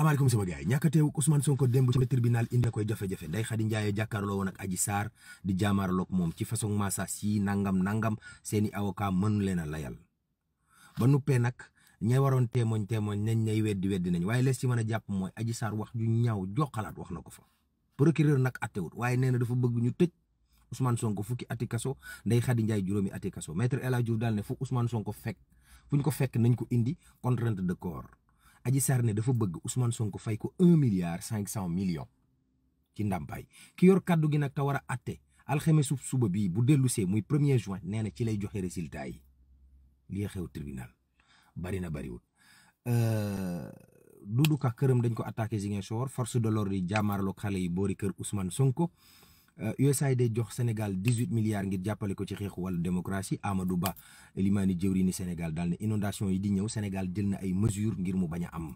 amaaleykum sama gars yi ñàkk a teew Ousmane Sonko démb ci tribunal indi koy jafe-jafe Ndeye Khady Ndiaye jàkkaarloo woon ak Adji saar di jaamaarloog moom ci façon massage si nangam nangam seeni avocat mënu leen a layal ba nuppee nag ña waroon témoñ témoñ nañ ñay weddi weddi nañ waaye lees ci man a jàpp mooy Adji saar wax ju ñaaw joxalaat wax na ko fa procureur nag attewut waaye nee na dafa bëgg ñu tëj Ousmane Sonko fukki ati kaso Ndeye Khady Ndiaye juróomi ati kaso maître El Hadji Diouf daal ne fu Ousmane Sonko fekk fu ñu fekk nañ ko indi contrainte de corps Adji Sarr dafa bëgg Ousmane Sonko fay ko un milliard cinq cent millions ci ndàmpaay ki yor kàddu gi nag te war a atte alxamesu suba bii bu dellusee muy premier juin nee na ci lay joxe résultat yi lii xew tribunal bari na bariwul euh, Doudou Ka këram dañ ko attaqué Ziguinchor force de l'ordre yi jàmmaarloog xale yi boori kër Ousmane Sonko USAID euh, jox Sénégal dix huit milliards ngir jàppale ko ci xeexu wàllu démocratie Amadou Ba limaani jëwriñu Sénégal daal ne inondation yi di ñëw Sénégal jël na ay mesures ngir mu bañ a am.